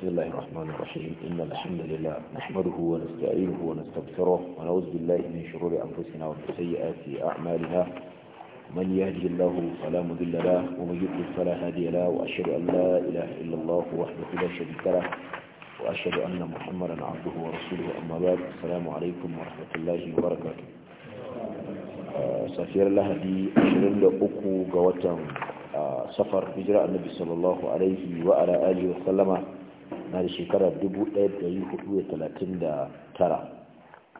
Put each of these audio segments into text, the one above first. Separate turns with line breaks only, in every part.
بسم الله الرحمن الرحيم إن الحمد لله نحمده ونستعينه ونستغفره ونعوذ بالله من شرور أنفسنا ومن سيئات أعمالنا من يهدي الله فلا مضل له ومن يضلل فلا هادي له وأشهد أن لا إله إلا الله وحده لا شريك له وأشهد أن محمدا عبده ورسوله أما بعد السلام عليكم ورحمة الله وبركاته سفير الله دي أشرين لأكو قوة آه، سفر هجرة النبي صلى الله عليه وعلى آله وسلم na da shekarar 1439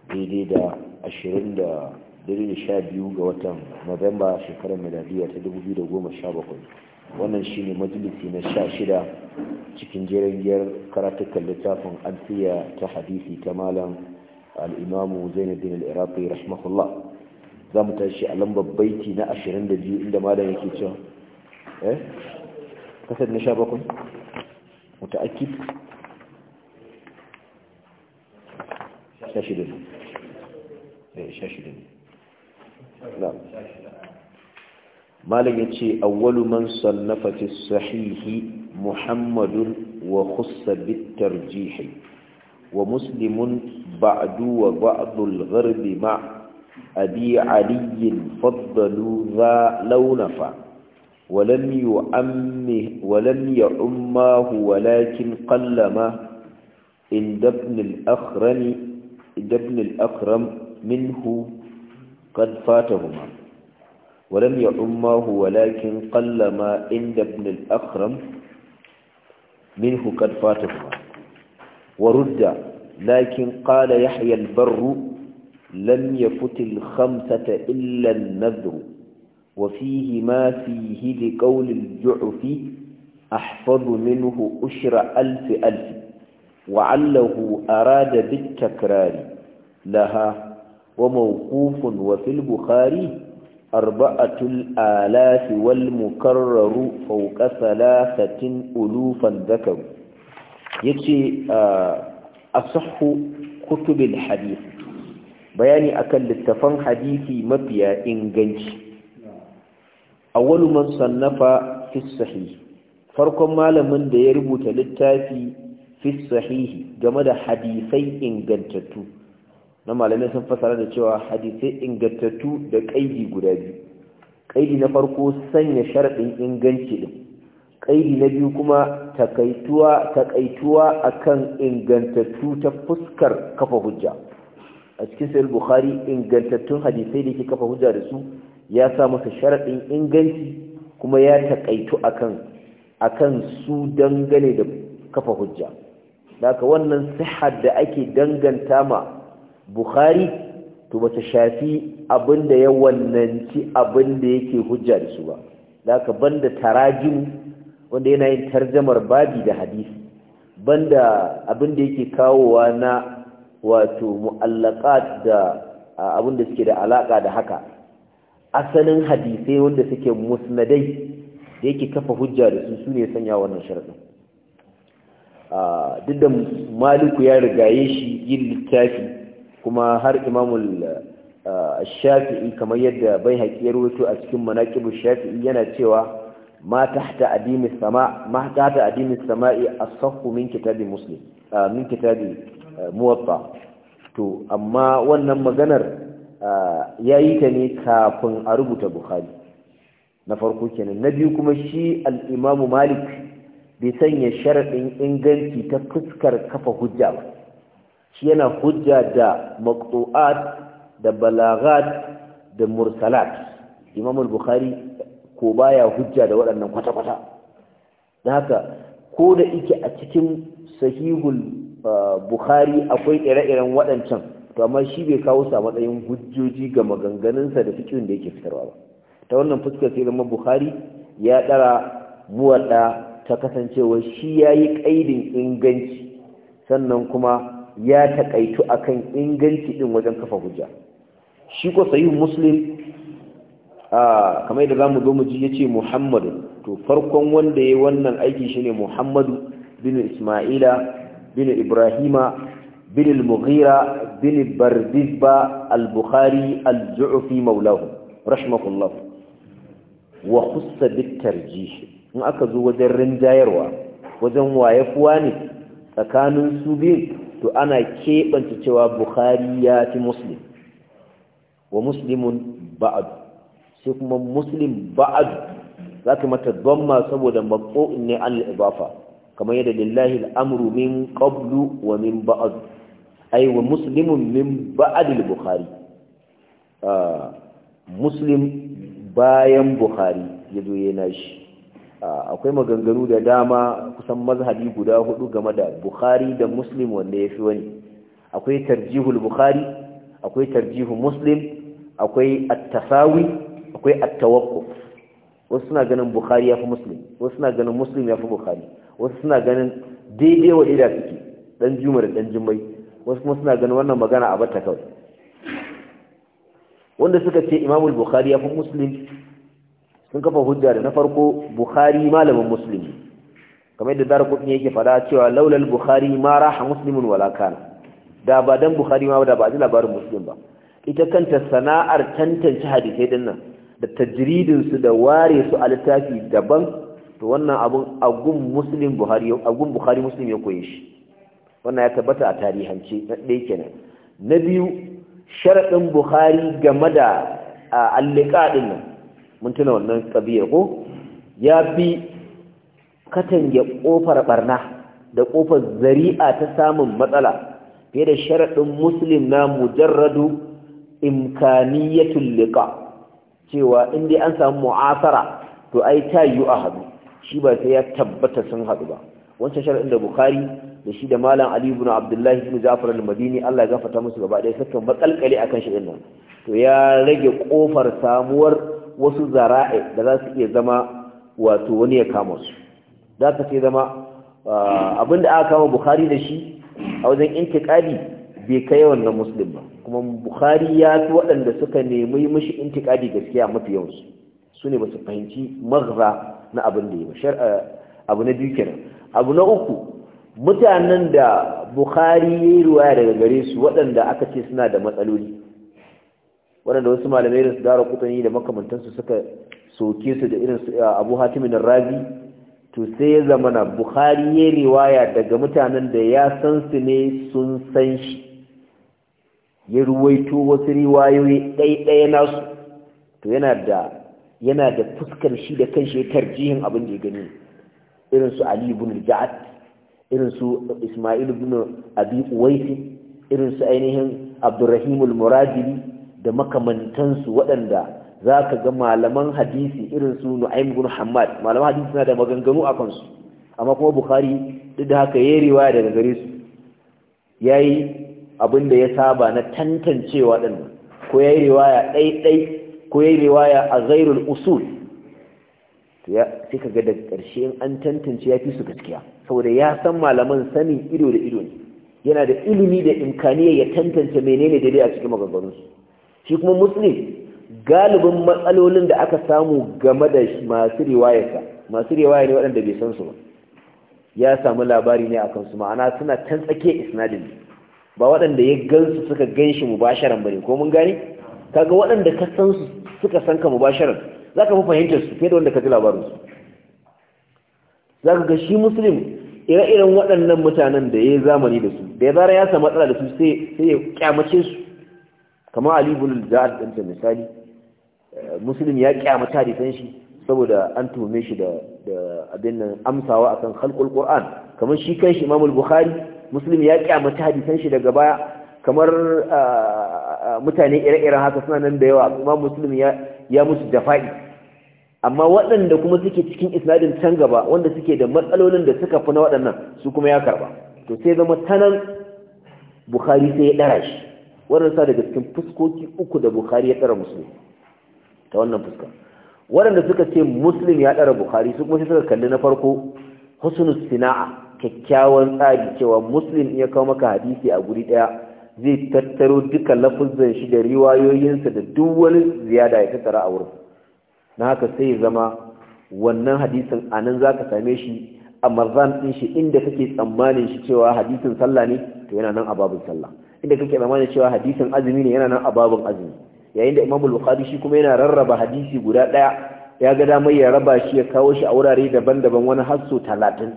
daidai da 22 ga watan novemba shekarar miladiya ta 2017 wannan shi ne majalisi na 16 cikin jirangiyar karatukan littafin alfiya ta hadisi ta malam al'imamu zainuddin al'iraqi rahimahullah za mu tashi a lambar baiti na 22 inda malam yake cewa eh kasar na 17 متأكد شاشدين شاشدين نعم مالك يتشي أول من صنف في الصحيح محمد وخص بالترجيح ومسلم بعد وبعض الغرب مع أبي علي فضلوا ذا لو نفع ولم يعمه ولم يعماه ولكن قلما إن دبن الأخرم دبن الأخرم منه قد فاتهما ولم يعماه ولكن قلما إن دبن الأخرم منه قد فاتهما ورد لكن قال يحيى البر لم يفت الخمسة إلا النذر وفيه ما فيه لقول الجعفي أحفظ منه أشر ألف ألف وعله أراد بالتكرار لها وموقوف وفي البخاري أربعة الآلاف والمكرر فوق ثلاثة ألوفا ذكر يكي أصح كتب الحديث bayani akan littafan hadisi mafiya inganci awwalu man sannafa fi sahih farkon malamin da ya rubuta littafi fi sahihi game da hadisai ingantattu na malamai sun fasara da cewa hadisai ingantattu da kaidi guda biyu kaidi na farko sanya sharadin inganci din kaidi na biyu kuma takaituwa takaituwa akan ingantattu ta fuskar kafa hujja a cikin sahih bukhari ingantattun hadisai da ke kafa hujja da su ya sa masa sharaɗin inganci kuma ya taƙaitu akan akan su dangane da kafa hujja daga wannan sihar da ake danganta ma bukhari to bata shafi abinda ya wannanci abinda yake hujja da su ba daga banda tarajin wanda yana yin tarjamar babi da hadisi banda abinda yake kawowa na wato mu'allaka da abinda suke da alaƙa da haka asalin hadisai wanda suke musnadai da yake kafa hujja da su su ne sanya wannan sharaɗin duk da maliku ya rigaye shi yin littafi kuma har imamul shafi'i kamar yadda bai haƙiyar wato a cikin manaƙibu shafi'i yana cewa ma tahta sama ma tahta sama'i a min kitabi muslim min kitabi muwatta to amma wannan maganar ya yi ta ne kafin a rubuta bukhari na farko kenan na biyu kuma shi al'imamu malik bai sanya sharaɗin inganci ta fuskar kafa hujja ba shi yana hujja da maktu'at da balagat da mursalat imamul bukhari ko baya hujja da waɗannan kwata-kwata da haka ko da ike a cikin sahihul bukhari akwai ire-iren waɗancan to amma shi bai kawo su a matsayin hujjoji ga maganganunsa da fikirin da yake fitarwa ba ta wannan fuskar sai zama buhari ya ɗara muwaɗa ta kasancewa shi ya yi ƙaidin inganci sannan kuma ya taƙaitu akan inganci ɗin wajen kafa hujja shi ko sayin muslim kamar yadda za zo mu ji ya ce muhammadu to farkon wanda ya yi wannan aiki shine muhammadu bin ismaila bin ibrahima بن المغيرة بن بردزبة البخاري الجعفي مولاه رحمه الله وخص بالترجيح in aka zo wajen rinjayarwa wajen waya wayafuwa ne tsakanin su to ana keɓanta cewa bukhari ya fi muslim wa muslimun ba'ad sai kuma muslim ba'ad za ka mata donma saboda maƙo'in ne an al'ibafa kamar yadda lillahi al'amuru min ƙablu wa min ba'ad ai wa muslimun min ba'dil bukhari muslim bayan bukhari yazo yana shi akwai maganganu da dama kusan mazhabi guda hudu game da bukhari da muslim wanda yafi wani akwai tarjihul bukhari akwai tarjihu muslim akwai at-tasawi akwai at-tawaqquf wasu suna ganin bukhari yafi muslim wasu suna ganin muslim yafi bukhari wasu suna ganin daidai wa ida suke dan jumar dan jummai wasu kuma suna ganin wannan magana a bata kawai wanda suka ce imamul bukhari ya fi sun kafa hujja da na farko bukhari malamin musulun. kamar yadda dara kudin yake fada cewa laulal bukhari ma raha musulun wala kana da ba dan bukhari ma da ba ji labarin musulun ba ita kanta sana'ar tantance hadisai din nan da tajridin su da ware su a littafi daban to wannan abun agun bukhari musulun ya koyi shi wannan ya tabbata a tarihance na ɗaya kenan na biyu sharaɗin Buhari game da a allika ɗin nan mun tuna wannan ƙabiyar ko ya bi katange ƙofar ɓarna da ƙofar zari'a ta samun matsala fiye da sharaɗin musulun na mujarradu ya tulliƙa. cewa in an samu mu'asara to ai ta yiwu a haɗu shi ba sai ya tabbata sun haɗu ba wancan sharadin da bukhari da shi da malam ali ibn abdullah ibn ja'far al-madini Allah ya gafarta musu gaba ɗaya sakan matsalkali akan shi nan, to ya rage kofar samuwar wasu zara'i da za su iya zama wato wani ya kama su za ka ce zama ah, abinda aka kama bukhari da shi a wajen intiqadi bai kai wannan musulun ba kuma bukhari ya fi waɗanda suka nemi mishi intiqadi gaskiya mafi yawansu su ne ba su fahimci maghza na abin da ya ba ah, abu na biyu kenan abu na uku mutanen da bukhari ya yi ruwaya daga gare su waɗanda aka ce suna da matsaloli waɗanda wasu malamai da su dara kutani da makamantansu suka soke su da irin uh, abu hatimin rabi to sai ya zama na bukhari ya yi riwaya daga mutanen da ya san su ne sun san shi ya ruwaito wasu riwayoyi ɗaiɗaya nasu to yana da fuskar shi da kanshi ya tarjihin abin da ya gani irin su ali ibn ja'ad irin su isma'il ibn abi uwaisi irin su ainihin abdurrahim al-muradili da makamantansu waɗanda za ka ga malaman hadisi irin su nu'aym ibn hammad malaman hadisi suna da maganganu a kansu amma kuma bukhari duk da haka yayi riwaya daga gare su yayi abin da ya saba na tantancewa din ko yayi riwaya ɗai ɗai ko yayi riwaya a ghairul usul ya sai kaga da ƙarshe an tantance ya fi su gaskiya saboda ya san malaman sanin ido da ido ne yana da ilimi da imkaniya ya tantance menene daidai a cikin su shi kuma musulmi galibin matsalolin da aka samu game da masu riwayarsa masu riwaya ne waɗanda bai san su ba ya samu labari ne akan su ma'ana suna tantsake tsake isnadin ba waɗanda ya gansu suka ganshi mubasharan bane ko mun gane kaga waɗanda ka san su suka san ka mubasharan za ka fi fahimtar su fiye da wanda ka ji labarin su za ka ga shi ire-iren waɗannan mutanen da ya yi zamani da su da ya zara ya samu matsala da su sai ya kyamace su kamar alibun bin ja'ad ta misali eh, musulun ya kyamata da shi saboda an tuhume shi da abin nan amsawa akan halkul ƙoran kamar shi kan shi imamul Buhari, musulun ya kyamata hadisan shi daga baya kamar eh, eh, mutane ire-iren haka suna nan da yawa amma musulun ya ya musu jafa'i amma waɗanda kuma suke cikin isnadin can gaba wanda suke da matsalolin da suka fi na waɗannan su kuma ya karba to sai zama tanan bukhari sai ya ɗara shi waɗanda sa daga cikin fuskoki uku da bukhari ya ɗara musulmi ta wannan fuska waɗanda suka ce muslim ya ɗara bukhari su kuma sai suka kalli na farko husnus sina'a kyakkyawan tsari cewa muslim ya kawo maka hadisi a guri ɗaya zai tattaro duka lafuzan shi da riwayoyinsa da duk wani ziyada ya tattara a wurin na haka sai zama wannan hadisin anan za ka same shi a marzan ɗin shi inda kake tsammanin shi cewa hadisin sallah ne to yana nan a sallah inda kake tsammanin cewa hadisin azumi ne yana nan a babin azumi yayin da imamul bukhari shi kuma yana rarraba hadisi guda ɗaya ya ga damar ya raba shi ya kawo shi a wurare daban-daban wani hasso talatin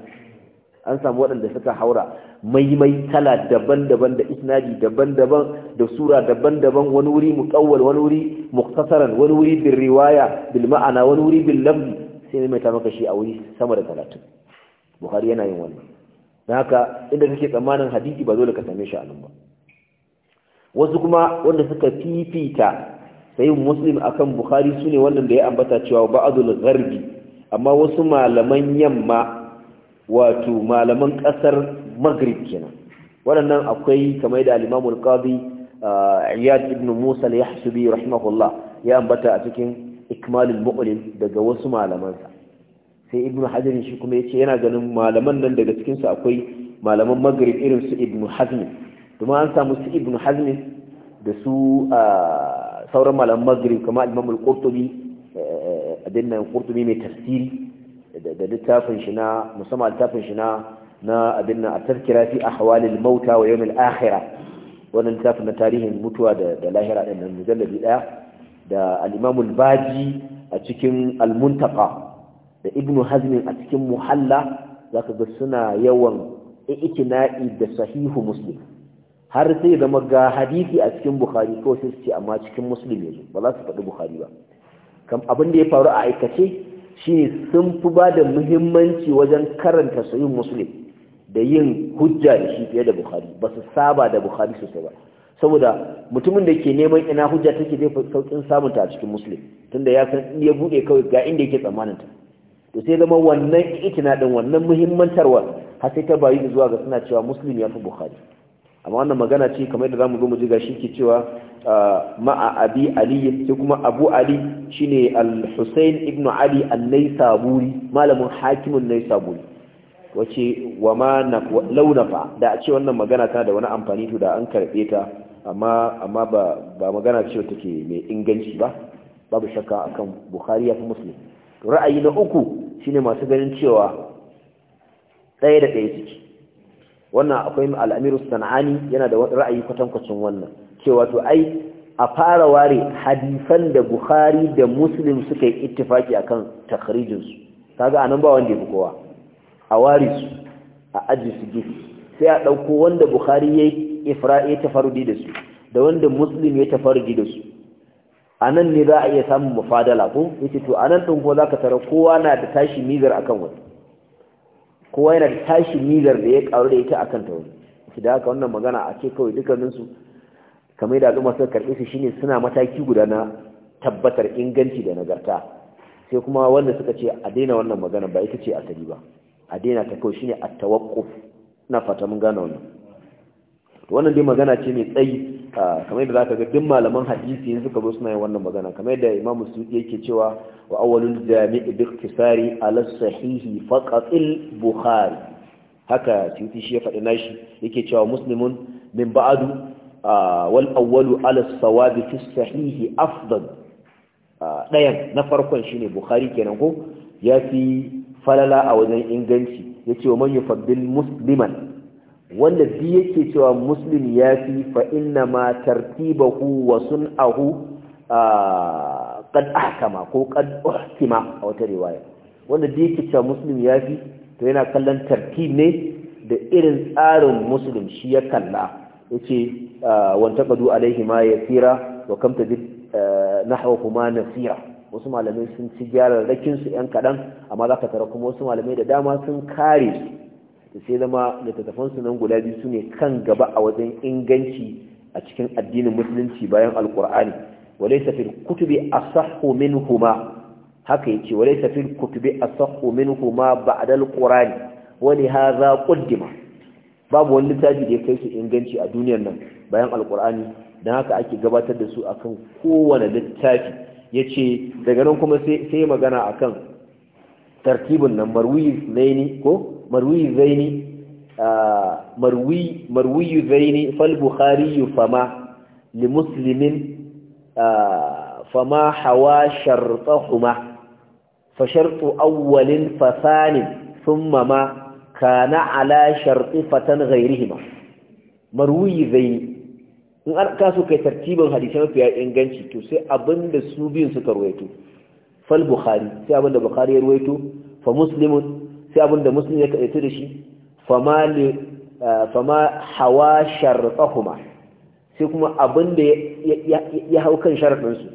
an samu waɗanda suka haura maimai kala daban-daban da isnadi daban-daban da sura daban-daban wani wuri muqawwal wani wuri muktasaran wani wuri bil riwaya bil ma'ana wani wuri bil lafzi sai mai ta maka shi a wuri sama da 30 bukhari yana yin wannan dan haka inda kake tsammanin hadisi ba dole ka same shi a nan ba wasu kuma wanda suka fifita sayin muslim akan bukhari sune wannan da ya ambata cewa ba'dul gharbi amma wasu malaman yamma wato malaman ƙasar maghrib kenan waɗannan akwai kamar da al-imamul qadi ah, iyad ibn musa al-yahsubi rahimahullah ya ambata a cikin ikmalul mu'lim daga wasu malamansa sai ibn hajar shi kuma yace yana ganin malaman nan daga cikin su akwai malaman maghrib irin su ibn hazm kuma an samu su ibn hazm da su ah, sauran malaman maghrib kamar imam al-qurtubi eh, eh, eh, abin nan qurtubi mai tafsiri da littafin shi na musamman littafin shi na na abin nan a tafkira fi ahwalil mauta wa yawmil akhirah wannan littafin na tarihin mutuwa da da lahira din nan mujalladi daya da al-Imam al-Baji a cikin al-Muntaqa da ibnu Hazm a cikin Muhalla zaka ga suna yawan ikina'i da sahihu Muslim har sai zama ga hadisi a cikin Bukhari ko sai su ce amma cikin Muslim yanzu ba za su faɗi Bukhari ba kam abin da ya faru a aikace shine sun fi ba da muhimmanci wajen karanta sayin musulun da yin hujja da shi fiye da bukari ba su saba da bukhari sosai ba saboda mutumin da ke neman ina hujja take zai saukin samunta a cikin musulun, tunda ya san ya buɗe kawai ga inda yake tsammaninta. ta to sai zama wannan itina din wannan muhimmantarwa har sai ta bayu zuwa ga suna cewa musulun ya fi bukari. amma wannan magana ce kamar yadda zamu zo mu ji gashi ke cewa ah, ma'a abi ali sai kuma abu ali shine al-husayn ibn ali al naisaburi malamin hakimin naisaburi wace wa ma na launafa da a ce wannan magana tana da wani amfani to da an karbe ta amma amma ba ba magana ce take mai inganci ba babu shakka akan bukhari ya fi muslim ra'ayi na uku shine masu ganin cewa ɗaya da ɗaya suke wannan akwai al'amiru sana'ani yana da ra'ayi kwatankwacin wannan cewa to ai a fara ware hadisan da bukhari da muslim suka yi ittifaki akan takharijinsu kaga anan ba wanda ya kowa a ware su a aji su sai a ɗauko wanda bukhari ya yi tafarudi da su da wanda muslim ya tafarudi da su a nan ne za a iya samun mafadala ko yace to a nan ɗin ko za ka tara kowa na da tashi mizar akan wani kowa yana da tashi nizar da ya karu da ita akan tauri su da haka wannan magana a ce kawai dukkaninsu kamar da al'umma suka karɓe su shine suna mataki guda na tabbatar inganci da nagarta sai kuma wanda suka ce a daina wannan magana ba ita ce tari ba a daina ta kawai shine a tawakkuf ina fata mun gane wannan wannan dai magana ce mai tsayi kamar yadda zaka ga duk malaman hadisi yanzu suka zo suna yin wannan magana kamar yadda Imam su yake cewa wa awwalul jami' bi ikhtisari ala sahihi faqat al-Bukhari haka Suyuti shi ya faɗi nashi yake cewa muslimun min ba'du wal awwalu ala sawabi fi sahihi afdal dayan na farkon shine Bukhari kenan ko yafi falala a wajen inganci yace wa man yufaddil musliman wanda bi yake cewa muslim ya fi fa inna ma tartibahu wa sun'ahu qad ahkama ko qad a wata riwaya wanda bi yake cewa muslim ya fi to yana kallon tartib ne da irin tsarin muslim shi ya kalla yace wanta qadu alaihi ma yasira wa kam kuma na nasira wasu malamai sun ci gyararrakinsu yan kaɗan amma ka tara kuma wasu malamai da dama sun kare su to sai zama littattafansu nan guda biyu ne kan gaba a wajen inganci a cikin addinin musulunci bayan alqur'ani kutube a sahu min huma haka ce a sahu min huma ba a dalkur'ani wani ha za quddima babu wani littafi da ya kai su inganci a duniyar nan bayan alkur'ani Don haka ake gabatar da su akan kowane littafi Ya ce, daga nan kuma sai magana a akan tartibin nan marwi ko marwi zaini marwi marwi zaini fal bukhari fama li muslimin fama hawa shartahuma fa shartu awwalin fa thani thumma ma kana ala sharti fatan ghairihima marwi zaini in an kaso kai tartibin mafi ya inganci to sai abinda su biyun suka ruwaito fal bukhari sai abinda bukhari ya ruwaito fa muslimun sai abinda muslim ya kaɗaitu da shi fama eh, hawa sharɗahuma sai kuma abinda ya hau kan sharaɗinsu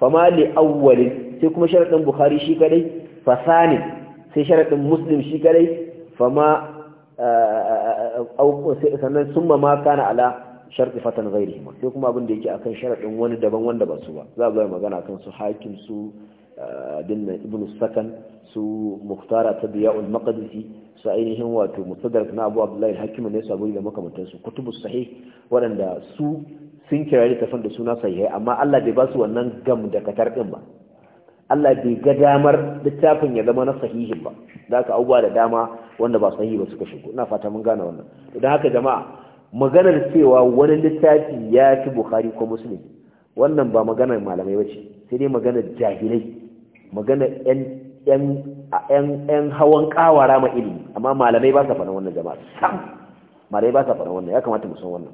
fama le awwalin sai kuma sharaɗin bukhari shi kadai fasanin sai sharaɗin muslim shi kadai fama eh, eh, sannan sun ma na ala sharɗi fatan gairi sai kuma abinda da yake akan sharaɗin wani daban wanda ba su ba za a zai magana kan su hakim su dinna ibn sakan su muktara ta biya'ul maqdisi su ainihin wato mustadrak na abu abdullahi hakimu ne saburi da makamantansu kutubus sahih waɗanda su sun kira tafan da suna sahihai amma Allah bai ba su wannan gam da katar din ba Allah bai ga damar littafin ya zama na sahihin ba da haka abubuwa da dama wanda ba sahihi ba suka shigo ina fata mun gane wannan don haka jama'a maganar cewa wani littafi ya fi bukhari ko muslim wannan ba maganar malamai ba ce sai dai maganar jahilai magana ƴan hawan ƙawara ma ilimi amma malamai ba sa faɗin wannan jama'a sam malamai ba sa faɗin wannan ya kamata mu san wannan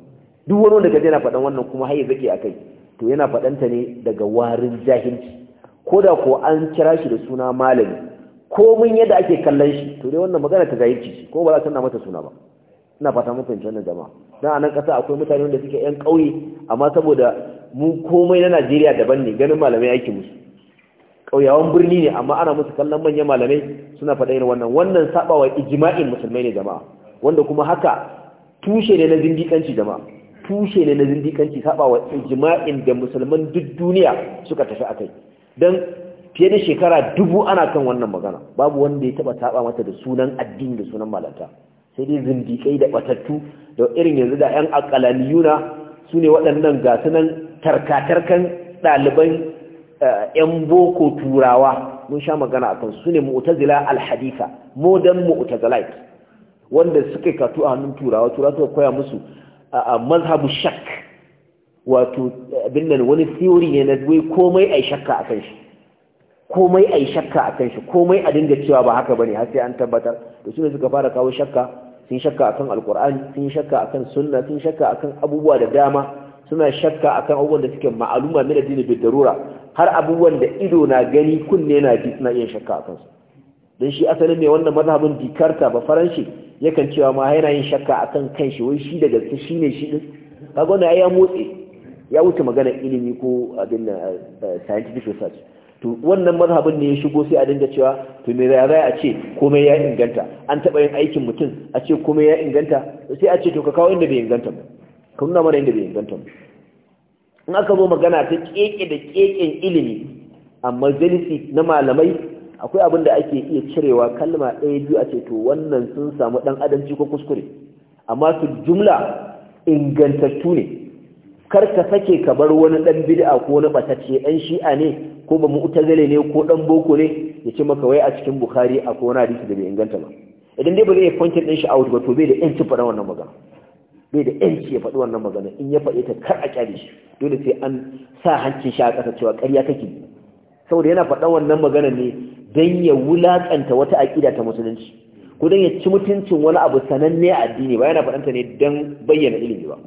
duk wani wanda gaje yana faɗin wannan kuma har ya a kai. to yana faɗanta ne daga warin jahilci ko da ko an kira shi da suna malami komin yadda ake kallon shi to dai wannan magana ta zahirci ko ba za ta na mata suna ba ina fata mun fahimci wannan jama'a dan anan kasa akwai mutane wanda suke yan ƙauye amma saboda mu komai na Najeriya daban ne ganin malamai aiki musu ƙauyawan birni ne amma ana musu kallon manyan malamai suna faɗa irin wannan wannan sabawa ijma'in musulmai ne jama'a wanda kuma haka tushe ne na zindikanci jama'a tushe ne na zindikanci sabawa ijma'in da musulman duk duniya suka tafi a kai dan fiye da shekara dubu ana kan wannan magana babu wanda ya taɓa saɓa mata da sunan addini da sunan malata sai dai zindikai da ɓatattu da irin yanzu da yan akalaniyuna su ne waɗannan ga sunan tarkatarkan ɗaliban 'yan boko turawa mun sha magana a kan su ne mu'tazila alhadisa modern mu'tazilite wanda suka katu a hannun turawa turawa suka koya musu a mazhabu shak wato abin wani theory ne na wai komai ai shakka a kan shi komai ai shakka a kan shi komai a dinga cewa ba haka bane har sai an tabbatar to su ne suka fara kawo shakka sun shakka akan alqur'ani sun shakka akan sunna sun shakka akan abubuwa da dama suna shakka akan abubuwan da suke ma'aluma da dini bi darura har abubuwan da ido na gani kunne na ji suna iya shakka a kansu don shi asalin ne wannan mazhabin dikarta ba faranshi yakan cewa ma yana yin shakka a kan shi wai shi da gaske shi ne shi ɗin kaga wannan ya motsi ya wuce magana ilimi ko abin eh, scientific research to wannan mazhabin ne ya shigo sai a dinga cewa to me za a ce komai ya inganta an taɓa yin aikin mutum a ce komai ya inganta sai a ce to ka kawo inda bai inganta ba ka nuna mana inda bai inganta ba in aka zo magana ta keke da keken ilimi a majalisi na malamai akwai abin da ake iya cirewa kalma ɗaya biyu a ceto wannan sun samu ɗan adamci ko kuskure amma su jumla ingantattu ne kar ka sake ka bar wani ɗan bid'a ko na batacce ɗan shi'a ne ko ba mu'tazile ne ko ɗan boko ne ya ce maka wai a cikin bukhari ko wani hadisi da bai inganta ba idan dai ba zai yi fankin ɗin shi a ba to bai da ƴancin faɗa wannan magana bai da yanci ya faɗi wannan magana in ya faɗi ta kar a kyale shi dole sai an sa hancin shi a ƙasa cewa ƙarya kake saboda yana faɗa wannan magana ne don ya wulaƙanta wata aƙida ta musulunci ko don ya ci mutuncin wani abu sananne a addini ba yana faɗanta ne don bayyana ilimi ba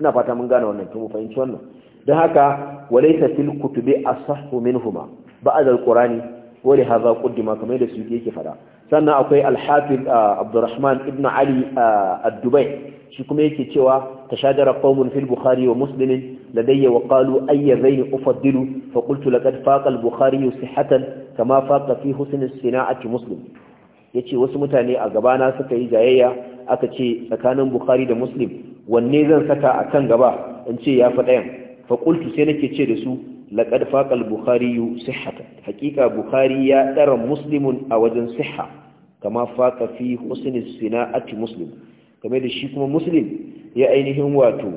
ina fata mun gane wannan kin fahimci wannan don haka walaisa fil kutubi asahhu minhuma ba'd alqurani wa li hadha quddima kamar da su yake faɗa sannan akwai alhafiz uh, abdurrahman ibn ali uh, ad-dubai shi kuma yake cewa tashajara qaumun fil bukhari wa muslim ladayya wa qalu ayya zayn ufaddilu fa qultu laqad faqa al-bukhari sihhatan kama faqa fi husn as-sina'ati muslim yace wasu mutane a gabana suka yi jayayya aka ce tsakanin bukhari da muslim wanne zan saka akan gaba in ce ya fi fa qultu sai nake ce da su laqad faqa al-bukhari sihhata haƙiƙa Buhari ya tsara musulmin a wajen sihha kama faqa fi husn sinaati muslim kamar da shi kuma muslim ya ainihin wato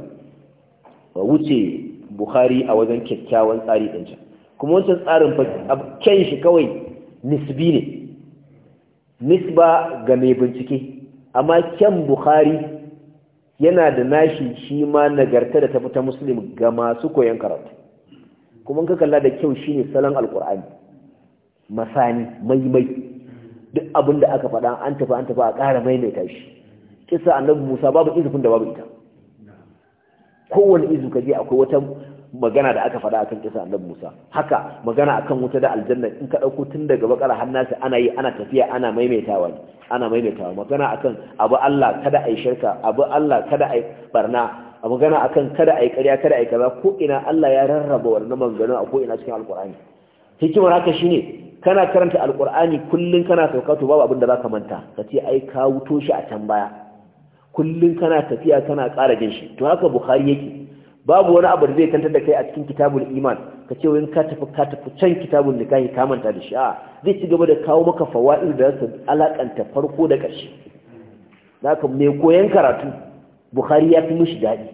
wuce Buhari a wajen kyakkyawan tsari din kuma wancan tsarin kyan shi kawai nisbi ne nisba ga mai bincike amma kyan bukhari yana da nashi shi ma nagarta da tafi ta muslim ga masu koyon karatu kuma ka kalla da kyau shine salon alkur'ani masani maimai duk abin da aka faɗa an tafi an tafi a ƙara maimaita shi kisa annabi musa babu izufin da babu ita kowane izu ka je akwai wata magana da aka faɗa akan kisa annabi musa haka magana akan wuta da aljanna in ka ɗauko tun daga bakara har nasa ana yi ana tafiya ana maimaitawa ana maimaitawa magana akan abu allah kada a yi shirka abu allah kada a yi barna a magana akan kada a yi ƙarya kada a yi kaza ko ina Allah ya rarraba wannan maganganu a ko ina cikin alkur'ani hikimar haka shine kana karanta alkur'ani kullun kana sauka to babu abin da zaka manta ka ce ai ka wuto shi a can baya kullun kana tafiya kana ƙara jin shi to haka bukhari yake babu wani abu da zai tantar da kai a cikin kitabul iman ka ce wani ka tafi ka tafi can kitabul nikahi ka manta da shi a zai ci gaba da kawo maka fawa'il da zasu alakanta farko da ƙarshe zaka me koyan karatu bukhari ya fi mishi daɗi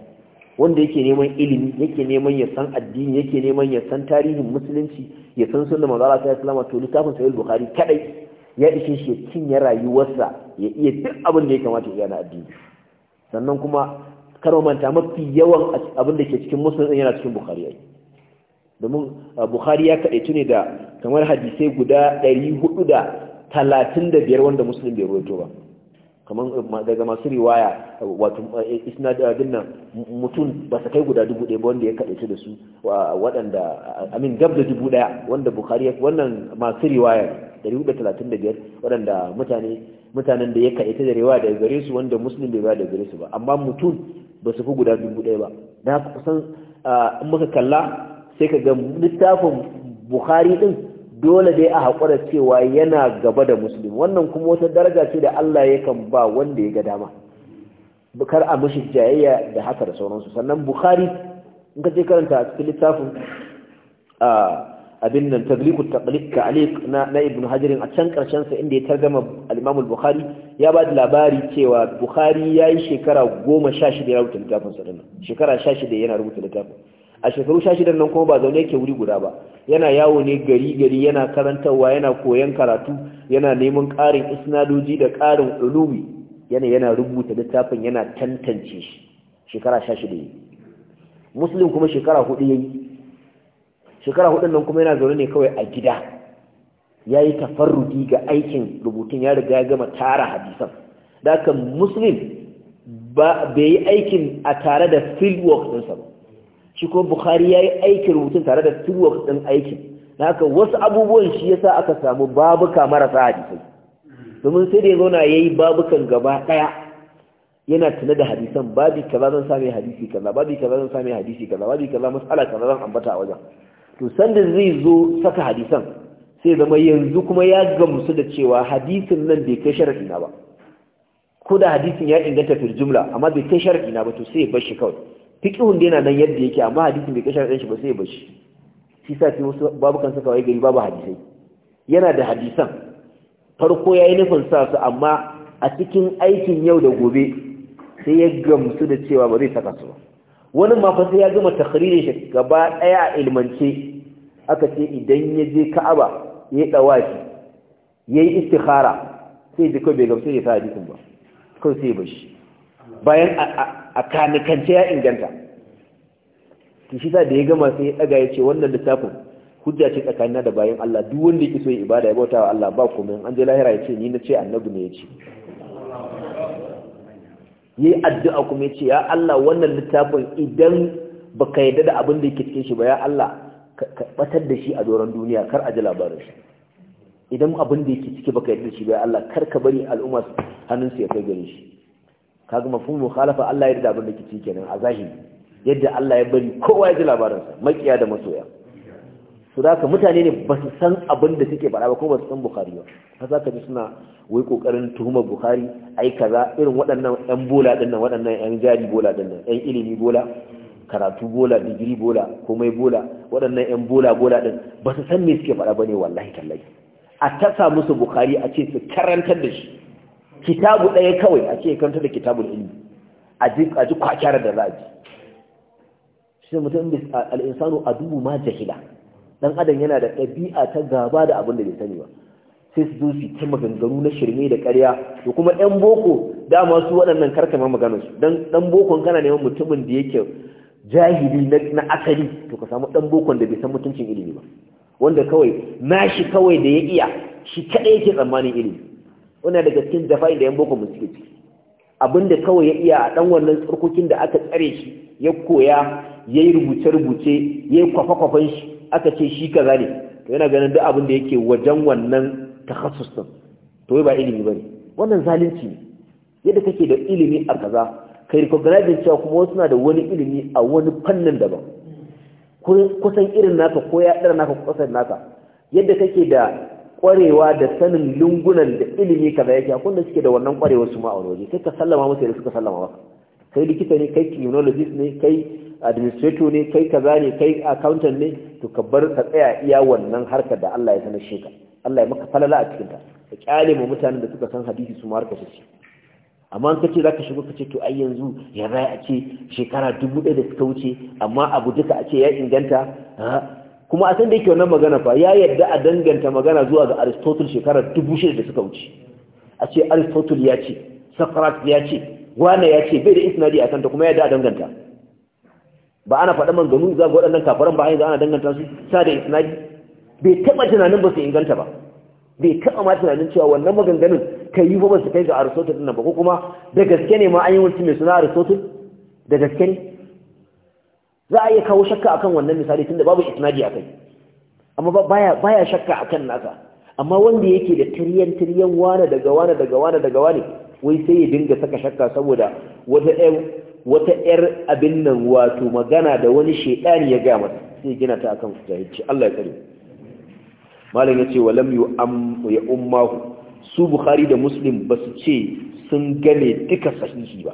wanda yake neman ilimi yake neman ya san addini yake neman ya san tarihin musulunci ya san sunna manzo Allah sallallahu alaihi to littafin sahih bukhari kadai ya ishe shi ya rayuwarsa ya iya duk abin da ya kamata ya na addini sannan kuma karo manta mafi yawan abin da ke cikin musulunci yana cikin bukhari yayi domin ah, bukhari ya kadai ne da kamar hadisai guda ɗari da da talatin 435 wanda musulun bai rawaito ba kamar eh, daga masu riwaya wato eh, eh, isnadin nan mutum ba su kai guda dubu ɗaya ba wanda ya kaɗaice da su waɗanda amin gab da dubu ɗaya wanda bukari wannan masu riwaya 135 waɗanda mutane mutanen da ya kaɗaice da riwaya daga gare su wanda musulun bai ba da gare su ba amma mutum ba su fi guda dubu ɗaya ba na kusan ah, in muka kalla sai ka ga littafin bukari ɗin dole dai a haƙura cewa yana gaba da musulmi wannan kuma wata daraja ce da Allah ya kan ba wanda ya ga dama bukar a mashi jayayya da haka da sauransu sannan bukhari in ka je karanta a cikin littafin abin nan tagliku taqliq ta'liq na na ibn hajar a can karshen sa inda ya targama al-imam al-bukhari ya ba da labari cewa bukhari yayi shekara 16 ya rubuta littafin sa dinnan shekara 16 yana rubuta littafin a shekaru sha shidan nan kuma ba zaune yake wuri guda ba yana yawo ne gari gari yana karantarwa yana koyon karatu yana neman ƙarin isnadoji da ƙarin ulumi yana yana rubuta littafin yana tantance shi shekara sha shida yi muslim kuma shekara hudu ya shekara hudun nan kuma yana zaune ne kawai a gida ya yi tafarruki ga aikin rubutun ya riga ya gama tara hadisan da haka muslim bai yi aikin a tare da field work ɗinsa ba shi ko bukhari ya yi aikin rubutun tare da turwa ɗin aikin na haka wasu abubuwan shi yasa aka samu babuka marasa hadisai domin sai da ya zauna ya yi babukan gaba ɗaya yana tuna da hadisan babi kaza zan same hadisi kaza babi kaza zan same hadisi kaza babi kaza mas'ala kaza zan ambata a wajen to sanda zai zo saka hadisan sai zama yanzu kuma ya gamsu da cewa hadisin nan bai kai sharadi na ba ko da hadisin ya inganta fil jumla amma bai kai sharadi na ba to sai ya bar shi kawai fiqhun dai na nan yadda yake amma hadisi bai kashe ɗanshi shi ba sai ba shi shi sa fi wasu babu kan saka waye gari babu hadisai yana da hadisan farko ya yi nufin sa su amma a cikin aikin yau da gobe sai ya gamsu da cewa ba zai saka su ba wani ma sai ya gama takhririn shi gaba ɗaya a ilmance aka ce idan ya je Ka'aba ya yi ya yi istikhara sai ji bai gamsu ya sa hadisin ba kawai sai ba shi bayan a kanikance ya inganta Ki shi sa da ya gama sai ya daga ya ce wannan littafin hujja ce tsakanina da bayan Allah duk wanda yake so ya ibada ya bauta wa Allah ba kuma an je lahira ya ce ni na ce annabi ne ya ce yi addu'a kuma ya ce ya Allah wannan littafin idan baka yadda da abin da yake cikin shi ba ya Allah ka batar da shi a doron duniya kar a ji labarin shi idan abin da yake ciki baka yarda da shi ba ya Allah kar ka bari al'umma hannun su ya kai gare shi kaga mafhum mukhalafa Allah ya yarda abin da kici kenan a zahiri yadda Allah ya bari kowa ya ji labarin sa makiya da masoya su da ka mutane ne ba su san abin da suke faɗa ba ko ba su san Bukhari ba har za ka ji suna wai kokarin tuhumar Bukhari ai kaza irin waɗannan ƴan bola ɗin nan waɗannan ƴan jari bola ɗin nan ƴan ilimi bola karatu bola digiri bola komai bola waɗannan ƴan bola bola ɗin ba su san me suke faɗa bane wallahi tallahi a tasa musu Bukhari a ce su karantar da shi kitabu ɗaya kawai a ce kanta da kitabun ilmi a ji kwakyar da za a ji shi mutum al'insanu a dubu ma jahila Ɗan adam yana da ɗabi'a ta gaba da abin da bai sani ba sai su zo su ta maganganu na shirme da ƙarya da kuma ɗan boko dama su waɗannan karkama maganar su dan ɗan bokon kana neman mutumin da yake jahili na asali to ka samu ɗan bokon da bai san mutuncin ilimi ba wanda kawai nashi kawai da ya iya shi kaɗai yake tsammanin ilimi wannan daga cikin jafa'in da yan boko mun suke ciki abinda kawai ya iya a dan wannan tsarkokin da aka tsare shi ya koya ya yi rubuce rubuce yayi kwafa kwafan shi aka ce shi kaza ne to yana ganin duk abin da yake wajen wannan takhassus din to ba ilimi ne. wannan zalunci ne yadda kake da ilimi a kaza kai recognizing cewa kuma wasu na da wani ilimi a wani fannin daban kusan irin naka ko ya dara naka kusan naka yadda kake da kwarewa da sanin lungunan da ilimi kaza yake akwai suke da wannan kwarewa su ma a wani waje sai ka sallama musu da suka sallama maka kai likita ne kai criminologist ne kai administrator ne kai kaza ne kai accountant ne to ka bar ka tsaya iya wannan harkar da Allah ya sanar shi ka Allah ya maka falala a cikin ta ka kyale mu mutanen da suka san hadisi su ma harkar su amma an kace zaka shigo ce to ai yanzu ya bai a ce shekara dubu ɗaya da suka wuce amma abu duka a ce ya inganta kuma a san da yake wannan magana fa ya yadda a danganta magana zuwa ga aristotle shekarar dubu shida da suka wuce a ce aristotle ya ce sakarat ya ce wane ya ce bai da isnadi a kanta kuma ya yadda a danganta ba ana faɗa manganu za ga waɗannan kafaran ba yanzu ana danganta su sa da isnadi bai taɓa tunanin ba su inganta ba bai taɓa ma tunanin cewa wannan maganganun ka yi ba su kai ga aristotle ɗin nan ba ko kuma da gaske ne ma an yi wani mai suna aristotle da gaske ne za a iya kawo shakka akan wannan misali tunda babu isnadi akai amma baya baya shakka akan nasa amma wanda yake da tiryan tiryan wane daga wane daga wane daga wane wai sai ya dinga saka shakka saboda wata ɗan wata ƴar abin nan wato magana da wani shedani ya ga masa sai gina ta akan jahilci Allah ya kare malam yace walam yu am ya ummahu su bukhari da muslim su ce sun gane duka sahihi ba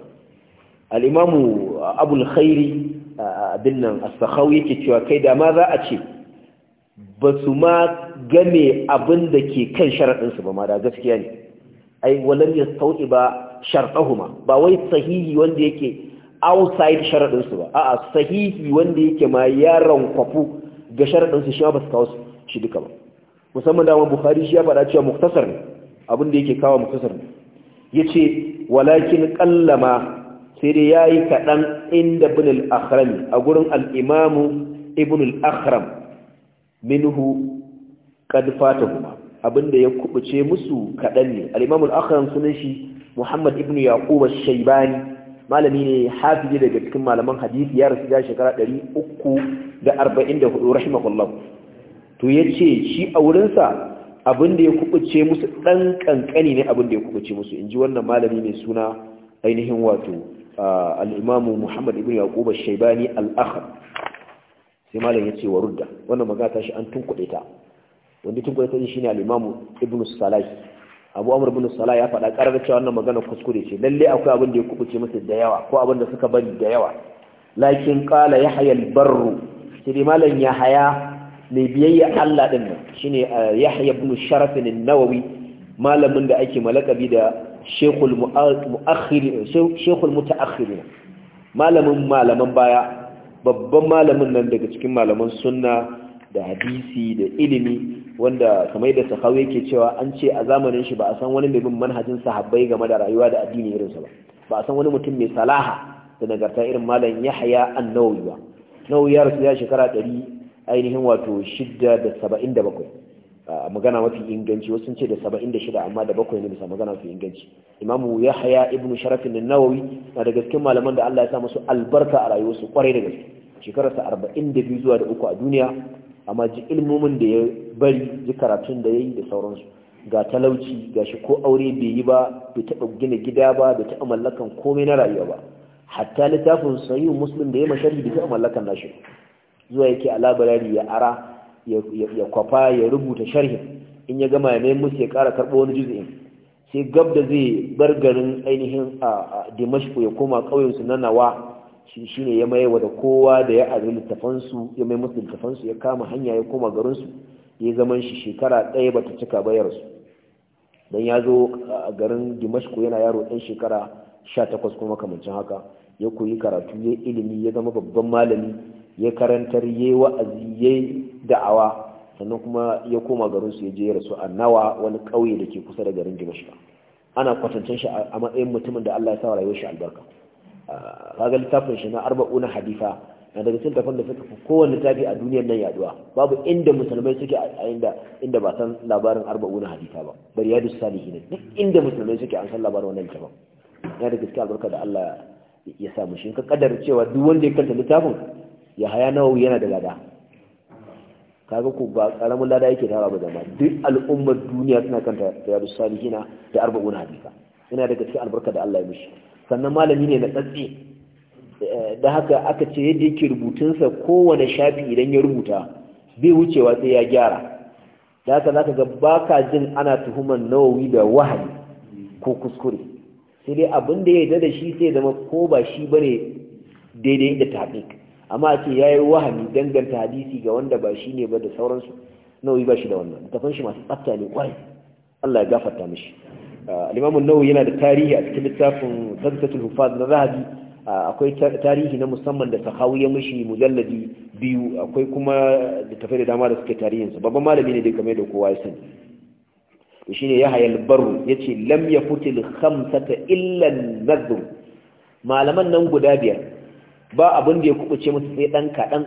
al-imamu abul khairi abin nan asakau yake cewa kai da ma za a ce ba su ma game abin da ke kan sharaɗinsu ba ma da gaskiya ne ai ya sauƙi ba sharɗahuma ba wai sahihi wanda yake outside sharaɗinsu ba a'a sahihi wanda yake ma yaron rankwafu ga sharaɗinsu shi ba su kawo shi duka ba musamman dama Buhari shi ya faɗa cewa muktasar ne abin da yake kawo muktasar ne ya ce walakin ƙallama sai dai ya yi kaɗan inda bin al'akhrami a gurin al'imamu ibn al'akhram minhu ƙadfata kuma abinda ya kubuce musu kaɗan ne al'imamu al'akhram sunan shi muhammad ibn yaquba shaibani malami ne ne daga cikin malaman hadisi ya rasu ya shekara 344 rahimahullah to ya ce shi a wurinsa abinda ya kubuce musu ɗan ƙanƙani ne abinda ya kubuce musu in ji wannan malami mai suna ainihin wato al'imamu muhammad ibn yaquba shaibani al'akhar sai malam ya ce wa rudda wannan magana ta shi an tunkuɗe ta wanda tunkuɗe ta shi ne al'imamu ibn Salah. abu amur ibn Salah ya faɗa ƙarar cewa wannan magana kuskure ce lalle akwai abin da ya kubuce masa da yawa ko abin da suka bari da yawa lakin ƙala ya hayal barru sai malam ya haya mai biyayya allah ɗin nan shine yahya ibn sharafin nawawi malamin da ake malakabi da shekul muta'akhiri malamin malaman baya babban malamin nan daga cikin malaman sunna da hadisi da ilimi wanda kamar da sahawi yake cewa an ce a zamanin shi ba a san wani mai bin manhajin sahabbai game da rayuwa da addini irinsa ba ba a san wani mutum mai salaha da nagarta irin malam yahya an ba nawawi ya rasu ya shekara 100 ainihin wato 677 magana mafi inganci wasu ce da 76 amma da bakwai ne bisa magana mafi inganci imamu yahya ibnu sharafin an-nawawi na da gaske malaman da Allah ya sa masu albarka a rayuwarsu kwarai da gaske shekararsa biyu zuwa da uku a duniya amma ji ilmomin da ya bari ji karatun da yayi da sauransu ga talauci ga shi ko aure bai yi ba bai taɓa gina gida ba bai taɓa mallakan komai na rayuwa ba hatta littafin sahihu muslim da ya masharhi bai taɓa mallakan nashi zuwa yake alabarari ya ara ya kwafa ya rubuta sharhin in ya gama ya mai musu ya ƙara karɓo wani juz'in sai gab da zai bar garin ainihin a dimashku ya koma ƙauyensu na nawa shi ne ya maiwa da kowa da ya ari littafansu ya mai musu littafansu ya kama hanya ya koma garinsu ya zaman shi shekara ɗaya ba ta cika su don ya zo a garin dimashku yana yaro ɗan shekara sha takwas kuma kamancin haka ya koyi karatu ya ilimi ya zama babban malami ya karantar ya yi wa'azi ya yi da'awa sannan kuma ya koma garinsu ya je rasu a nawa wani ƙauye da ke kusa da garin dimashka ana kwatancin shi a matsayin mutumin da allah ya sa rayuwar shi albarka kaga littafin shi na arba'una hadifa na daga cikin tafan da suka fi kowane littafi a duniyar nan yaduwa babu inda musulmai suke a inda inda ba san labarin arba'una hadifa ba bari yadu salihin duk inda musulmai suke an san labarin wannan littafin ya da gaske albarka da allah ya sa mu shi ka kaddara cewa duk wanda ya kanta littafin ya haya nawawi yana da lada kaga ku ba karamin lada yake tara ba zama duk al'ummar duniya suna ta, da yadu salihina da arba'un hadisa yana daga cikin albarka da Allah ya mishi sannan malami ne na tsatsi eh, da haka aka ce yadda yake rubutunsa kowane shafi idan ya rubuta bai wucewa sai ya gyara da haka zaka ga baka jin ana tuhuman nawawi da wahayi ko kuskure sai dai abin da ya yi da shi sai zama ko ba shi bane daidai da tafiya amma ce ya yi wahami danganta hadisi ga wanda ba shi ne ba da sauransu nawawi ba shi da wannan ta fanshi masu tsafta ne kwai Allah ya gafarta mishi ah, al-Imam yana da tarihi a cikin littafin Tadhisatul Hufaz na Zahabi ah, akwai tarihi na musamman da sahawu ya mishi mujalladi biyu akwai kuma da tafai da dama da suke tarihin sa babban malami ne dai kamar da kowa ya sani to shine ya hayal barru yace lam yafutil khamsata illa illan nadhr malaman nan guda biyar ba abin da ya kubuce musu sai dan kaɗan,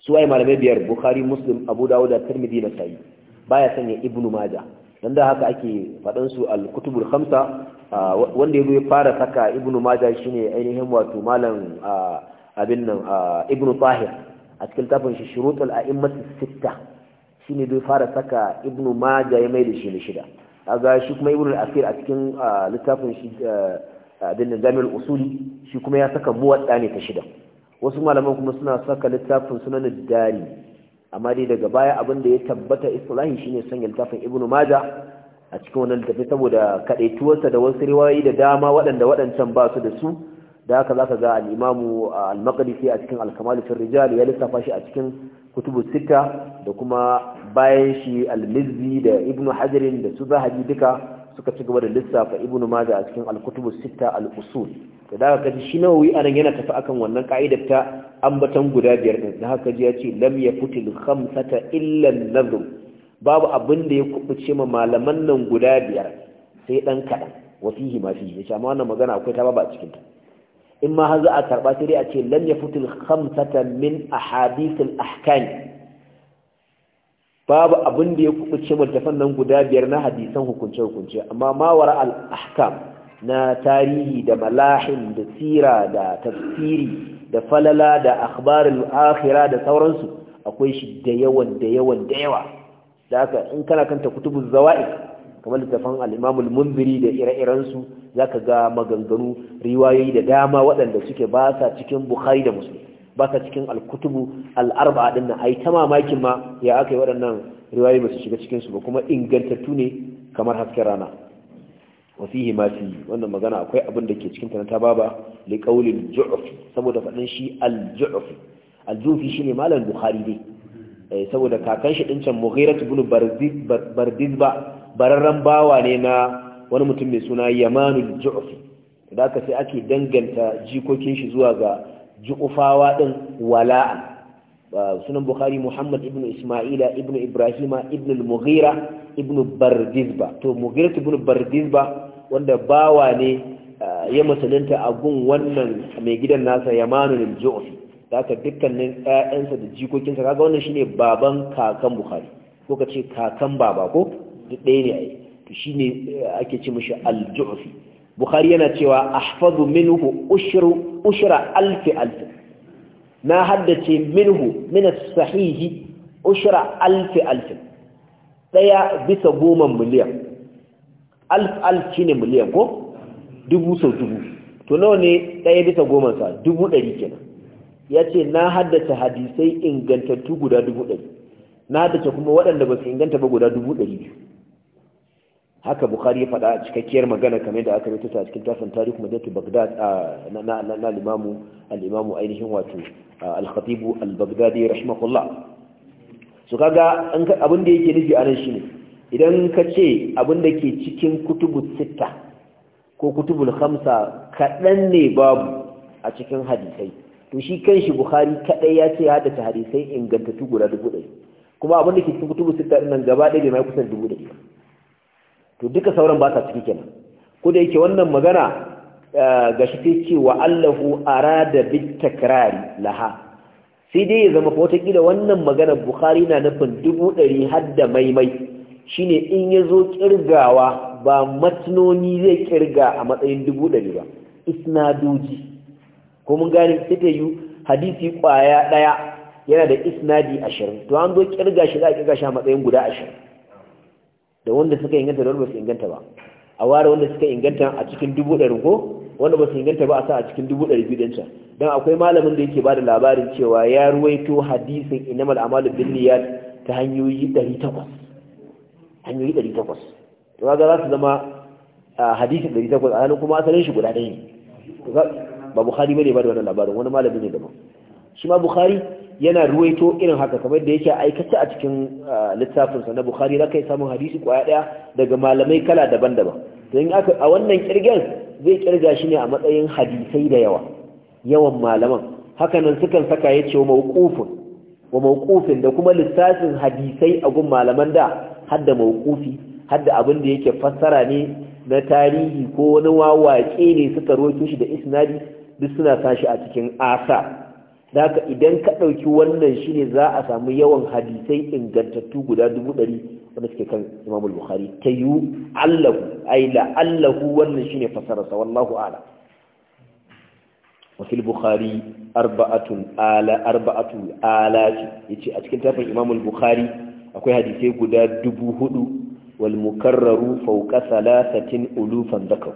su waye malamai biyar bukhari muslim abu dawud da tirmidhi da sa'i baya sanya ibnu Maja, dan da haka ake fadan su al-kutubul khamsa wanda yazo ya fara saka ibnu majah shine ainihin wato malam abin nan ibnu tahir a cikin tafin shi shurutul a'immatis sitta shine dai fara saka ibnu Maja ya mai da shi ne shida kaga shi kuma ibnu al-asir a cikin littafin shi abin da jami'ar usuli shi kuma ya saka muwadda ne ta shida wasu malaman kuma suna saka littafin sunanin dari amma dai daga baya abin da ya tabbata islahi shine sanya littafin ibnu maja a cikin wannan littafi saboda kadaituwarsa da wasu riwayoyi da dama waɗanda waɗancan ba su da su da haka zaka ga al ah, al-maqdisi a cikin al-kamal fi rijal ya lissafa shi a cikin kutubu sita da kuma bayan shi al-mizzi da ibnu hajarin da su zahabi duka suka ci gaba da lissafa ibn maja a cikin al-kutubu sita al-usul da daga kaji shi nawawi anan yana tafi akan wannan ka'idar ta ambatan guda biyar din da haka ji ya ce lam yafutil khamsata illa an-nazm babu abin da ya kubuce ma malaman nan guda biyar sai dan kadan wasihi ma fihi yace amma wannan magana akwai ta ba a cikin ta in ma har za a karba sai dai a ce lam yafutil khamsata min ahadith al-ahkam babu abin da ya kubuce littafan nan guda biyar na hadisan hukunce-hukunce amma mawar al-ahkam na tarihi da malahin da sira da tafsiri da falala da akhbarul akhira da sauransu akwai shi da yawan da yawan da yawa da in kana kanta kutubuz zawaid kamar littafan al-imam da ire-iren su zaka ga maganganu riwayoyi da dama waɗanda suke ba sa cikin bukhari da Musulmi. ba cikin alkutubu al'arba din nan ai ta mamakin ma ya aka yi waɗannan riwayoyi ba shiga cikin su ba kuma ingantattu ne kamar hasken rana wasu yi ma wannan magana akwai abin da ke cikin ta na tababa li qaulil ju'fi saboda faɗin shi al al shine malam buhari dai eh, saboda kakan shi ɗin can mughiratu ibn bardizba bararren bawa ne na wani mutum mai suna yamanu ju'fi da aka sai ake danganta jikokin shi zuwa ga ju'ufawa ɗin wala'a sunan bukhari muhammad ibn isma'ila ibn ibrahima ibn mughira ibn bardizba to mughira ibn bardizba wanda bawa ne ya musulunta a gun wannan mai gidan nasa yamanul ju'fi aka dukkanin ƴaƴansa da jikokinsa kaga wannan shine baban kakan bukhari ko ka ce kakan baba ko duk ɗaya ne ai to shine ake ce mashi al-ju'fi bukhari yana cewa ahfazu minhu ushru ushra alf alf na haddace minhu min as-sahihi ushra alf alf daya bisa goma miliyan alf alf shine miliyan ko dubu sau dubu to nawa ne daya bisa goma sa dubu dari kenan yace na haddace hadisai ingantattu guda dubu dari na haddace kuma waɗanda ba su inganta ba guda dubu dari. biyu haka bukhari ya faɗa cikakkiyar magana kamar da aka rubuta a cikin tafin tarihi madatu bagdad na na limamu al-imamu ainihin wato al-khatib al-baghdadi rahimahullah so kaga abin da yake nufi anan shine idan ka ce abin da ke cikin kutubu sitta ko kutubul khamsa kaɗan ne babu a cikin hadisai to shi kanshi bukhari kadai ya ce ya haddace hadisai ingantattu guda dubu ɗari kuma abin da ke cikin kutubu sitta nan gaba ɗaya bai mai kusan dubu ɗari to duka sauran ba sa ciki kenan ko da yake wannan magana eh, ga shi sai ce wa allahu arada bit takrari laha sai dai ya zama wataƙila wannan magana bukhari na nufin dubu ɗari har da maimai shine in ya zo ƙirgawa ba matnoni zai ƙirga a matsayin dubu ɗari ba isnadoji ko mun gane sai ta yi hadisi kwaya ɗaya yana da isnadi ashirin to an zo ƙirga shi za a ƙirga shi a matsayin guda ashirin da wanda suka inganta da wanda ba su inganta ba a ware wanda suka inganta a cikin dubu ɗari ko wanda ba su inganta ba a sa a cikin dubu ɗari biyu ɗin can don akwai malamin da yake ba da labarin cewa ya ruwaito hadisin inamal amalu bin niyyat ta hanyoyi ɗari takwas hanyoyi ɗari takwas to ga za su zama hadisin ɗari takwas a hannun kuma asalin shi guda ɗaya ne ba bukhari bane ba da wannan labarin wani malamin ne daban shi ma bukhari yana ruwaito irin haka kamar da yake aikata a cikin uh, littafinsa na bukhari za ka yi samun hadisi kwaya ɗaya daga malamai kala daban-daban to in aka a wannan kirgen zai kirga shi ne a matsayin hadisai da yawa yawan malaman Haka nan sukan saka ya ce mawqufin wa mawqufin da kuma lissafin hadisai a gun malaman da hadda mawqufi hadda abin da yake fassara ne na tarihi ko wani wawaƙe ne suka roƙe shi da isnadi duk suna sashi a cikin asa haka idan ka ɗauki wannan shine za a samu yawan hadisai ingantattu guda dubu ɗari wanda suke kan imamul bukhari ta yiwu allahu aila allahu wannan shine fasararsa wallahu ala Wasu bukhari arba'atun ala arba'atun ala ce a cikin tafin imamul bukhari akwai hadisai guda dubu hudu wal mukarraru Fauka salasatin ulufan dhakar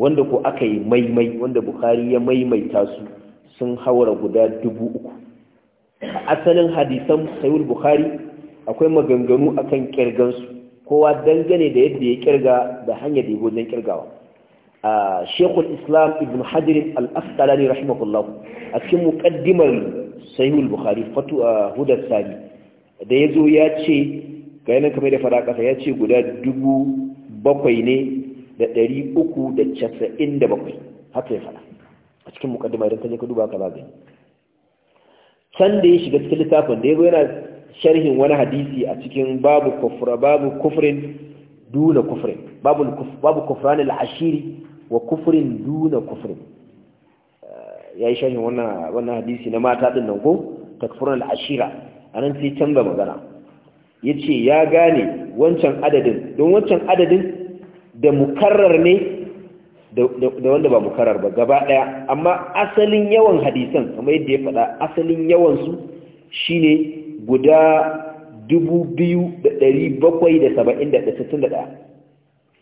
wanda ko aka yi maimai wanda bukhari ya maimaita su sun haura guda dubu uku a asalin hadisan sayul bukhari akwai maganganu akan kirgansu kowa dangane da yadda ya kirga da hanyar da ya wajen kirgawa a shekul islam ibn hajjirin al'asqalani rahimahullah a cikin muƙaddimar sayul bukhari fatu a hudar sani da ya zo ya ce ga yanar kamar da fara ƙasa ya ce guda dubu bakwai ne da ɗari uku da casa'in da bakwai haka ya fara a cikin mukaddima idan ka je ka duba ka ba gani can da ya shiga cikin littafin da ya yana sharhin wani hadisi a cikin babu kufra babu kufrin duna kufrin babu babu kufran al-ashiri wa kufrin duna kufrin eh, yayi sharhin wannan wannan hadisi na mata din nan ko takfurun al-ashira anan sai canza magana yace ya gane wancan adadin don wancan adadin da mukarrar ne da wanda ba mukarar ba gaba daya amma asalin yawan hadisan kamar yadda ya faɗa asalin yawan su shine guda 2771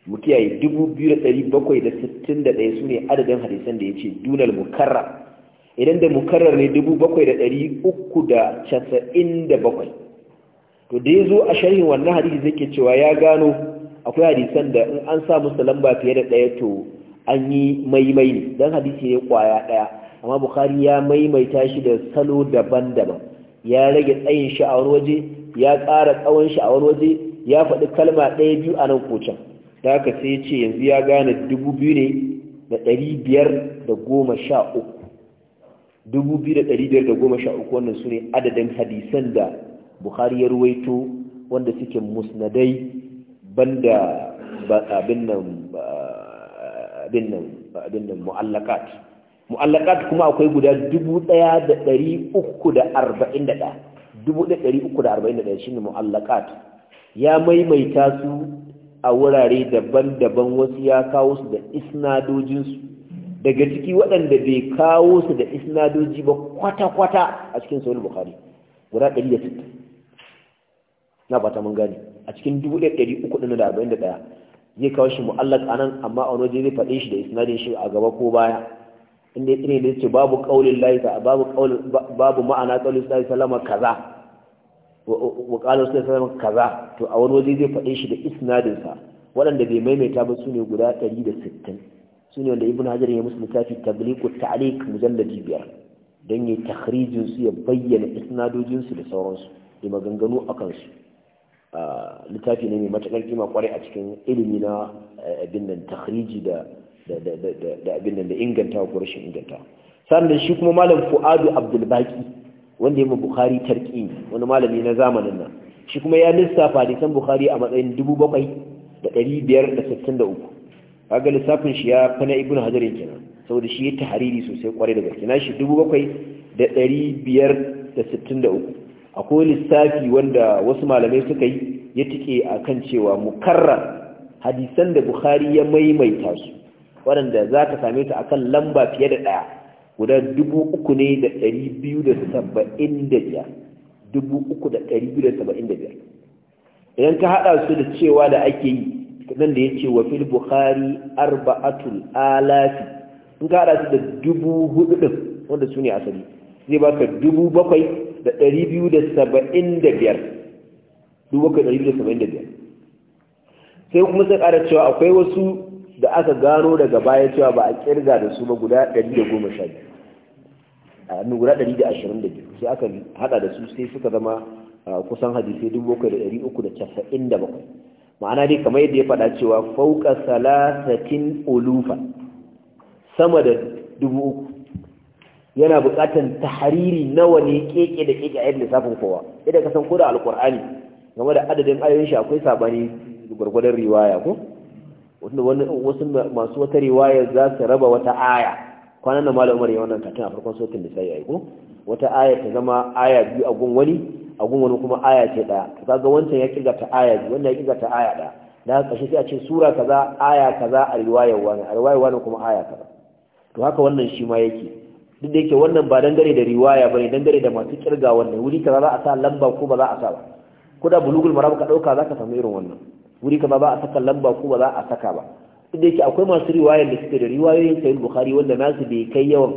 mu kiyaye 2761 sune adadin hadisan da ya ce dunal mukarra idan da mukarrar ne 7397 to da yazo a sharhin wannan hadisi ke cewa ya gano akwai hadisan da in an sa musu lamba fiye da daya to an yi maimai ne don hadisi ne kwaya ɗaya amma bukhari ya maimaita shi da salo daban-daban ya rage tsayin sha'awar waje ya ƙara tsawon sha'awar waje ya faɗi kalma ɗaya biyu a nan kocan da haka sai ya ce yanzu ya gane dubu biyu ne da ɗari biyar da goma sha uku dubu biyu da ɗari biyar da goma sha uku wannan su ne adadin hadisan da bukari ya ruwaito wanda suke musnadai banda abin nan abin nan abin nan mu'allaqat mu'allaqat kuma akwai guda 1341 1341 shine mu'allaqat ya maimaita su a wurare daban-daban wasu ya kawo su da isnadojin su daga ciki waɗanda bai kawo su da isnadoji ba kwata-kwata a cikin sauri bukhari guda 160 na ba ta mun gani. a cikin 1341 zai kawo shi a nan, amma a waje zai faɗe shi da isnadin shi a gaba ko baya inda ya tsine da ce babu ƙaunin lahi babu ma'ana ƙaunin sallallahu salama kaza wa qala salama kaza to a wani waje zai faɗe shi da isnadin sa waɗanda bai maimaita ba su ne guda ɗari da 160 ne wanda Ibn hajar ya musu littafi tabliqu ta'liq mujalladi biyar dan yayi takhrijin su ya bayyana isnadojin da sauransu da maganganu a kansu. littafi ne mai matakar kima kwarai a cikin ilimi na eh, abin nan da da abin nan da inganta ko rashin inganta sannan shi kuma malam fuadu abdul wanda ya mu bukhari tarqi wani malami na zamanin nan shi kuma ya lissafa hadisan bukhari a matsayin 7563 kaga lissafin shi ya fana ibnu hajar kina saboda shi ya tahariri sosai kwarai da gaske na shi 7563 akwai lissafi wanda wasu malamai suka yi ya tike a kan cewa mukarrar hadisan da bukhari ya maimaita su waɗanda za ka same su akan lamba fiye da ɗaya guda dubu uku ne da ɗari biyu da saba'in da biyar dubu uku da ɗari biyu da saba'in da biyar idan ka haɗa su da cewa da ake yi nan da ya ce wa fil bukhari arba'atul alafi in ka haɗa su da dubu hudu ɗin wanda su ne asali zai baka dubu bakwai da ɗari biyu da saba'in da biyar dubu ɗari biyu da saba'in da biyar sai kuma sai ƙara cewa akwai wasu da aka gano daga baya cewa ba a kirga da su ba guda ɗari da goma sha biyu a guda ɗari da ashirin da biyu sai aka haɗa da su sai suka zama kusan hadisai dubu bakwai da ɗari uku da casa'in da bakwai ma'ana dai kamar yadda ya faɗa cewa fauka salasatin ulufa sama da dubu uku yana buƙatar tahariri nawa ne keke da keke a yadda lissafin kowa idan ka san ko da alƙur'ani game da adadin ayoyin shi akwai sabani gwargwadon riwaya ko wasu masu wata riwaya za su raba wata aya kwanan da malam umar ya wannan katin a farkon sautin da sai ko wata aya ta zama aya biyu a gun wani a gun wani kuma aya ce ɗaya to kaga wancan ya kirga ta aya biyu wannan ya kirga ta aya ɗaya da haka shi sai a ce sura kaza aya kaza a riwayar wani a riwayar wani kuma aya kaza to haka wannan shi ma yake duk da yake wannan ba dangare da riwaya ba ne dangare da masu kirga wannan wuri kaza za a sa lamba ko ba za a sa ba ko da bulugul maram ka dauka zaka samu irin wannan wuri kaza ba a saka lamba ko ba za a saka ba duk da yake akwai masu riwaya da suke da riwayoyin sahih bukhari wanda nasu bai kai yawan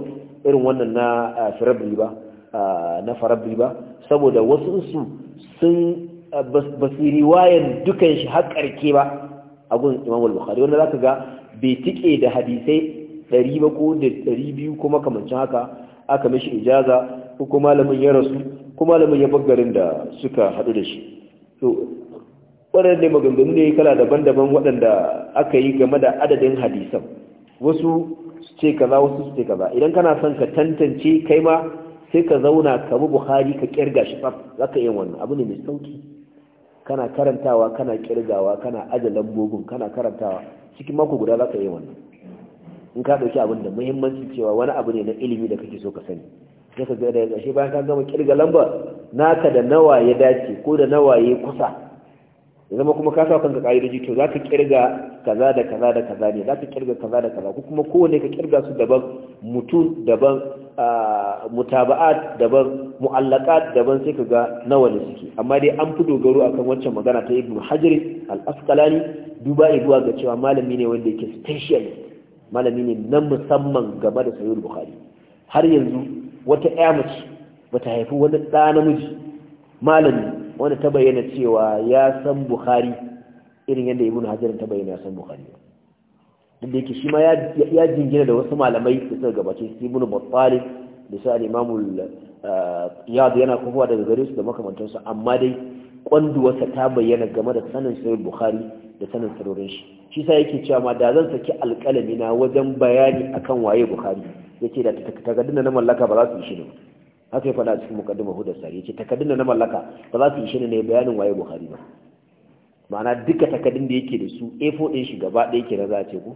irin wannan na ah, firabri ba ah, na farabri ba saboda wasu su sun ah, ba su riwayan dukan shi har karke ba a gun imamul bukhari wanda zaka ga bai tike da hadisai ɗari ba da ɗari biyu kuma kamancin haka aka mashi ijaza ko kuma malamin ya rasu ko malamin ya bagarin da suka haɗu da shi to waɗanda maganganu ne kala daban-daban waɗanda aka yi game da adadin hadisan wasu su ce kaza wasu su ce kaza idan kana son ka tantance kai ma sai ka zauna ka bi buhari ka kirga shi tsaf za ka yi wannan abu ne mai sauki kana karantawa kana kirgawa kana ajalan lambobin kana karantawa cikin mako guda za ka yi wannan in ka ɗauki abin da muhimmanci cewa wani abu ne na ilimi da kake so ka sani sai ka ga da ƙarshe bayan ka gama kirga lamba naka da nawa ya dace ko da nawa ya kusa ya zama kuma ka sa kanka ka'idoji to za ka kirga kaza da kaza da kaza ne za ka kirga kaza da kaza ko kuma kowane ka kirga su daban mutu daban mutaba'at daban mu'allaqat daban sai ka ga nawa ne suke amma dai an fi dogaro akan wancan magana ta ibnu hajar al-asqalani duba zuwa ga cewa malami ne wanda yake specialist malami ne na musamman game da sayyid bukhari har yanzu wata ƴa mace bata haifi wani ɗa namiji malami wanda ta bayyana cewa ya san bukhari irin yadda ibn hajar ta bayyana ya san bukhari duk da yake shi ma ya jingina da wasu malamai da suka gabace su ibn battalib da su al-imamu yana kofowa daga gare su da makamantansu amma dai kwanduwarsa ta bayyana game da sanin sayyid bukhari da sanin sarorin shi shi sa yake cewa ma da zan saki alƙalami na wajen bayani akan waye bukhari yace da takardun na mallaka ba za su yi shi ne haka ya faɗa cikin mukaddimar hudar sari yace takardun na mallaka ba za su yi shi ne bayanin waye bukhari ba ma'ana duka takardun da yake da su A4 din shi gaba ɗaya kenan za a ce ku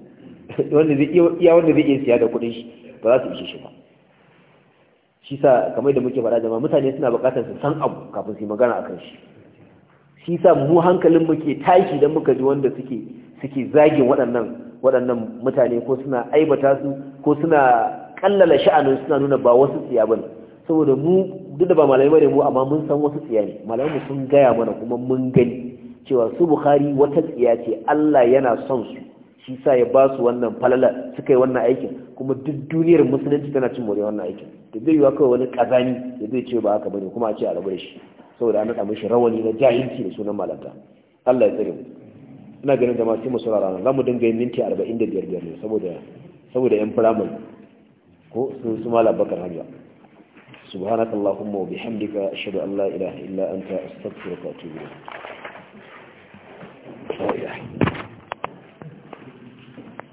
wanda zai iya wanda zai iya siya da kuɗin shi ba za su ishe shi ba shi sa kamar da muke faɗa jama'a mutane suna buƙatar su san abu kafin su yi magana akan shi shi sa mu hankalin muke tashi da muka ji wanda suke suke zagin waɗannan waɗannan mutane ko suna aibata su ko suna kallala sha'anin suna nuna ba wasu tsiya bane saboda mu duk da ba malamai bane mu amma mun san wasu tsiya ne malamai sun gaya mana kuma mun gani cewa su bukhari wata tsiya ce Allah yana son su shi sa ya ba su wannan falala suka yi wannan aikin kuma duk duniyar musulunci tana cin more wannan aikin da zai yi wa kawai wani kazani da zai ce ba haka bane kuma a ce a rabu da shi saboda an naɗa mishi rawani na jahilci da sunan malaka Allah ya tsare ina ganin jama'a sai mu saurara Za mu dinga yin minti da biyar biyar ne saboda saboda yan firamare ko sun su mala bakar hamza subhanakallahumma wa bihamdika ashhadu an la ilaha illa anta astaghfiruka wa atubu ilaik